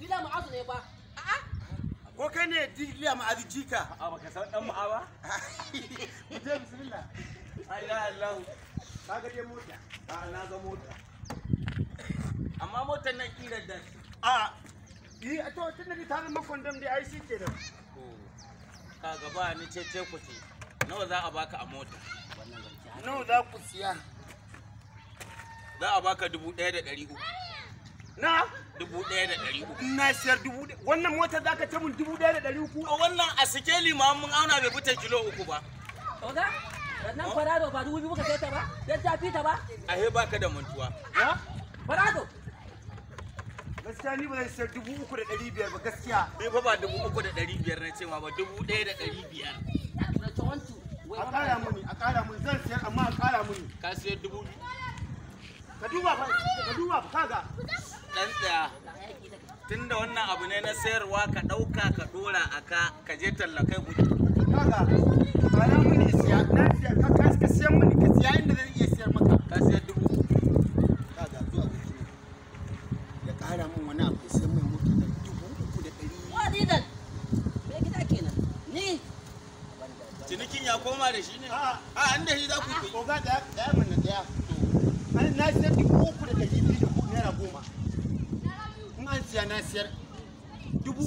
Dila ne ba. Ko kai ne dila ma'azu jika? A baka san dan ma'a ba? je bismillah. Allah. Ka ga je mota. A na ga mota. Amma motar nan kirar da shi. A Yi a to tun da ta zama kondom da ai ke da. Ka ga ba ni ce ce ku ce. Nawa za a baka a mota? Nawa za ku siya? Za a baka dubu ɗaya da ɗari uku. Na? dubu ɗaya da ɗari uku. Ina siyar dubu ɗaya. Wannan mota za ka ta mun dubu ɗaya da ɗari uku. A wannan a sikeli ma mun auna bai fita kilo uku ba. Oga, wannan kwararo ba dubu biyu ka kai ta ba? Dan ta fita ba? Ahe ba ka da mantuwa. Ya? Kwararo. Gaskiya ni ba zan siyar dubu uku da ɗari biyar ba gaskiya. Bai fa ba dubu uku da ɗari biyar na cewa ba dubu ɗaya da ɗari biyar. A ƙara muni, a ƙara muni, zan siyar amma a ƙara muni. Ka siyar dubu biyu. Ka duba ba, ka duba. tunda wannan abu ne na sayarwa ka ɗauka ka ɗora a ka ka je tallakai guji. Kaga, ga na mini siya, na siya, ka kasi ka siyan mini ka siya inda zan iya siyar maka. Ka siya dubu. Kaga zuwa shi ya ƙara min wani abu sai mai mutu da dubu uku da ɗari. Wadi nan, me gida kenan, ni. Cinikin ya koma da shi ne? A'a. A'a, an da shi za ku yi. Oga ya ɗaya mana ɗaya. Na siya dubu uku. siya na